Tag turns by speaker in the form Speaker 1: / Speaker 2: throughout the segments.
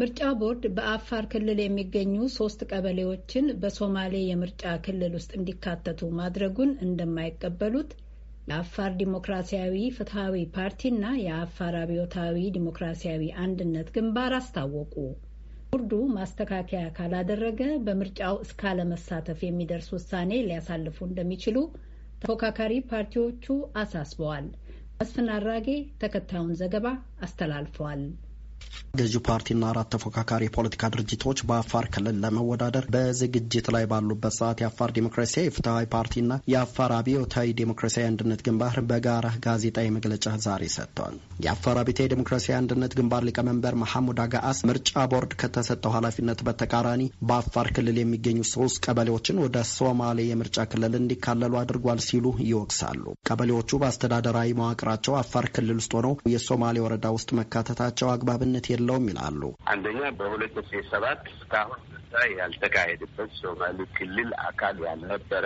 Speaker 1: ምርጫ ቦርድ በአፋር ክልል የሚገኙ ሶስት ቀበሌዎችን በሶማሌ የምርጫ ክልል ውስጥ እንዲካተቱ ማድረጉን እንደማይቀበሉት የአፋር ዲሞክራሲያዊ ፍትሐዊ ፓርቲና የአፋር አብዮታዊ ዲሞክራሲያዊ አንድነት ግንባር አስታወቁ። ቦርዱ ማስተካከያ ካላደረገ በምርጫው እስካለመሳተፍ የሚደርስ ውሳኔ ሊያሳልፉ እንደሚችሉ ተፎካካሪ ፓርቲዎቹ አሳስበዋል። መስፍን አራጌ ተከታዩን ዘገባ አስተላልፈዋል።
Speaker 2: ገዢው ፓርቲና አራት ተፎካካሪ የፖለቲካ ድርጅቶች በአፋር ክልል ለመወዳደር በዝግጅት ላይ ባሉበት ሰዓት የአፋር ዲሞክራሲያዊ የፍትሐዊ ፓርቲና የአፋር አብዮታዊ ዲሞክራሲያዊ አንድነት ግንባር በጋራ ጋዜጣዊ መግለጫ ዛሬ ሰጥተዋል። የአፋር አብዮታዊ ዲሞክራሲያዊ አንድነት ግንባር ሊቀመንበር መሐሙድ አጋአስ ምርጫ ቦርድ ከተሰጠው ኃላፊነት በተቃራኒ በአፋር ክልል የሚገኙ ሶስት ቀበሌዎችን ወደ ሶማሌ የምርጫ ክልል እንዲካለሉ አድርጓል ሲሉ ይወቅሳሉ። ቀበሌዎቹ በአስተዳደራዊ መዋቅራቸው አፋር ክልል ውስጥ ሆነው የሶማሌ ወረዳ ውስጥ መካተታቸው አግባብ ተፈጻሚነት የለውም ይላሉ።
Speaker 3: አንደኛ በሁለት ሺ ሰባት እስካሁን ያልተካሄደበት ሶማሌ ክልል አካል ያልነበረ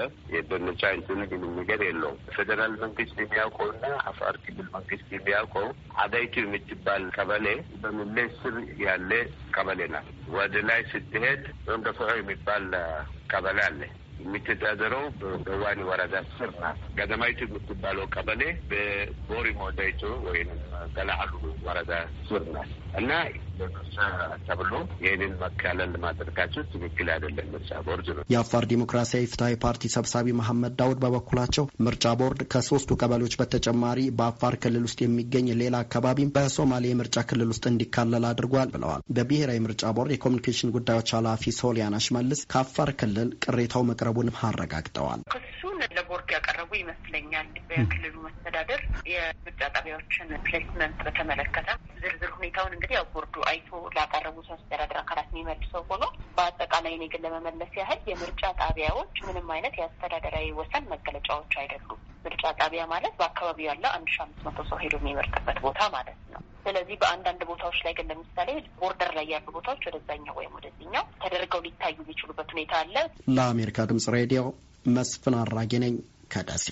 Speaker 3: በምርጫ እንትኑ ግንኙነት የለውም። ፌዴራል መንግስት የሚያውቀውና አፋር ክልል መንግስት የሚያውቀው አዳይቱ የምትባል ቀበሌ በመለስ ስር ያለ ቀበሌ ናት። ወደ ላይ ስትሄድ ወይም የሚባል ቀበሌ አለ የምትዳደረው በዋኒ ወረዳ ስር ናት። ገደማይቱ የምትባለው ቀበሌ በቦሪ ሞዳይቶ ወይም ገላአሉ ወረዳ ስር ናት እና በምርጫ ተብሎ ይህንን መካለል ማድረጋቸው ትክክል አይደለም። ምርጫ ቦርድ ነው።
Speaker 2: የአፋር ዲሞክራሲያዊ ፍትሀዊ ፓርቲ ሰብሳቢ መሐመድ ዳውድ በበኩላቸው ምርጫ ቦርድ ከሶስቱ ቀበሌዎች በተጨማሪ በአፋር ክልል ውስጥ የሚገኝ ሌላ አካባቢም በሶማሌ የምርጫ ክልል ውስጥ እንዲካለል አድርጓል ብለዋል። በብሔራዊ ምርጫ ቦርድ የኮሚኒኬሽን ጉዳዮች ኃላፊ ሶሊያና ሽመልስ ከአፋር ክልል ቅሬታው መቅረቡንም አረጋግጠዋል።
Speaker 4: ለቦርድ ያቀረቡ ይመስለኛል። በክልሉ መስተዳደር የምርጫ ጣቢያዎችን ፕሌስመንት በተመለከተ ዝርዝር ሁኔታውን እንግዲህ ያው ቦርዱ አይቶ ላቀረቡ አስተዳደር አካላት የሚመልሰው ሆኖ በአጠቃላይ እኔ ግን ለመመለስ ያህል የምርጫ ጣቢያዎች ምንም አይነት የአስተዳደራዊ ወሰን መገለጫዎች አይደሉም። ምርጫ ጣቢያ ማለት በአካባቢው ያለ አንድ ሺ አምስት መቶ ሰው ሄዶ የሚመርጥበት ቦታ ማለት ነው። ስለዚህ በአንዳንድ ቦታዎች ላይ ግን ለምሳሌ ቦርደር ላይ ያሉ ቦታዎች ወደዛኛው ወይም ወደዚኛው ተደርገው ሊታዩ የሚችሉበት ሁኔታ አለ።
Speaker 2: ለአሜሪካ ድምጽ ሬዲዮ መስፍን አራጌ ነኝ ከደሴ